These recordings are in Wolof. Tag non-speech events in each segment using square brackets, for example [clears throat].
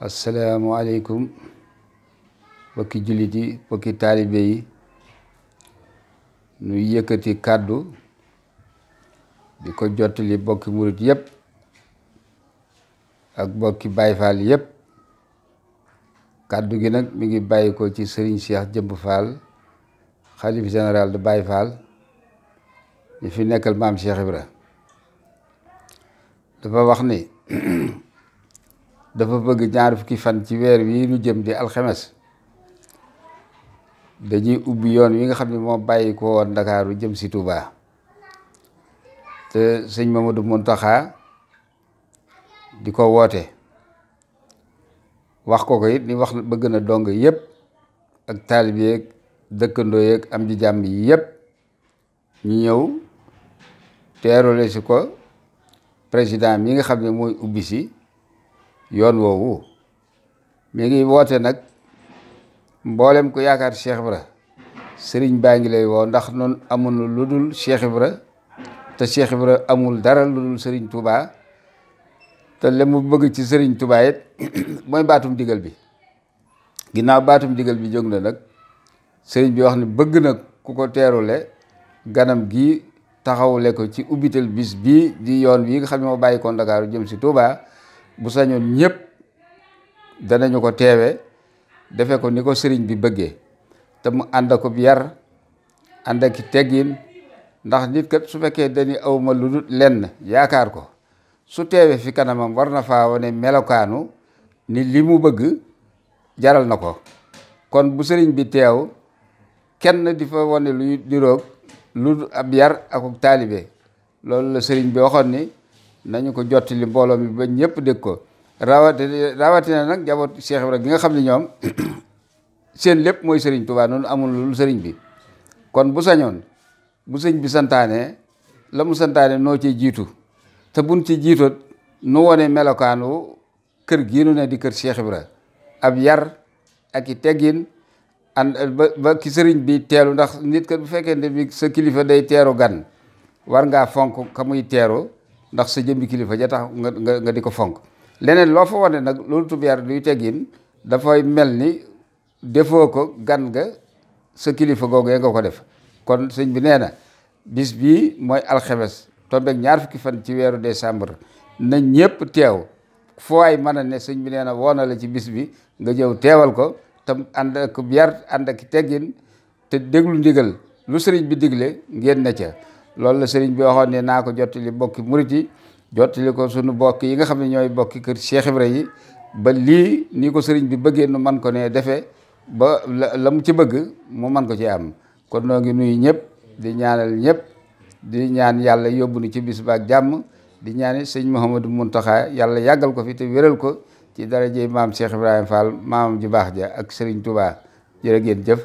asalaamualeykum bokki jullit yi bokki taalibe yi nu yëkkati kàddu di ko jottali bokki murit yépp ak bokki bayfaal yépp kàddu gi nag mu ngi bàyyi ko ci sëriñ Cheikh Jëmb Fall xalif général du Baye Fall ñu fi nekkal maam Cheikh Ibra dafa wax ni [clears throat] dafa bëgg ñaar fukki fan ci weer wii nu jëm di alxemes dañuy ubbi yoon wi nga xam ne moo bàyyi ko woon ndakaaru jëm si Touba te sëñ Mamadou Mountakha di ko woote wax ko ko it ni wax bëgg na dong yëpp ak taalib yeeg dëkkandoo yeeg am ji jàmm yi yëpp ñu ñëw teerole si ko président mi nga xam ne mooy ubbi si yoon woowu mi ngi woote nag mboolem ku yaakaar Cheikh Ibra sëriñ baa ngi lay woo ndax noonu amul lu dul Cheikh Ibra te Cheikh Ibra amul dara lu dul sëriñ Touba te li mu bëgg ci sëriñ Touba [clears throat] mooy baatum digal bi ginnaaw baatum digal bi jóg na nag sëriñ bi wax ne bëgg na ku ko teerule ganam gi taxawule ko ci ubbital bis bii di yoon wi nga xam ne moo bàyyi ko Ndakaaru jëm si Touba bu sañoon ñëpp danañu ko teewe defe ko ni ko sëriñ bi bëggee te mu ànd ak yar ànd ak teggin ndax nit kat su fekkee dañuy awma lu dul lenn yaakaar ko su teewee fi kanamam war na faa wane melokaanu nit li mu bëgg jaral na ko kon bu sëriñ bi teew kenn di fa wane luy diroog lu ab yar ak taalibe loolu la sëriñ bi waxoon ni nañu ko jottali mbooloo mi ba ñëpp dégg ko rawati rawatina nag jaboot Cheikh Ibrahima gi nga xam ni ñoom [clears throat] seen lépp mooy sëriñ Tuubaa noonu amul lu sëriñ bi kon bu sañoon bu sëñ bi santaane la mu santaane noo ci jiitu te buñ ci jiitoot nu wone melokaanu kër giinu ne di kër Cheikh Ibra ab yar ak i teggin and ba ki sëriñ bi teelu ndax nit kat bu fekkee ne bi sa kilifa day teeru gan war ngaa fonk ka muy teeru ndax sa jëmbi kilifa ja tax nga nga di ko fonk leneen loo fa wane nag loolu tub yar luy teggin dafay mel ni defoo ko gan ga sa kilifa googee nga ko def kon sëñ bi nee na bis bii mooy alxebes tombeeg ñaar fukki fan ci weeru décembre na ñëpp teew foo ay mën a ne sëñ bi nee na woona la ci bis bi nga jëw teewal ko te ànd ak yar ànd ak teggin te déglu ndigal lu sëriñ bi digle ngeen ne loolu la sëriñ bi waxoon ne naa ko jottali bokki murit yi jottali ko suñu bokk yi nga xam ne ñooy bokki kër Cheikh Ibra yi ba lii nii ko sëriñ bi bëggee nu man ko nee defe ba la mu ci bëgg mu man ko ci am kon noo ngi nuyu ñëpp di ñaanal ñëpp di ñaan yàlla yóbbu nu ci bis ba jàmm di ñaani sëñ Mouhamadou Mountakha yàlla yàggal ko fi te wéral ko ci daraje maam Cheikh Ibrahima Fall maamam ju baax ja ak sëriñ Touba jërë ngeen jëf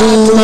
faatu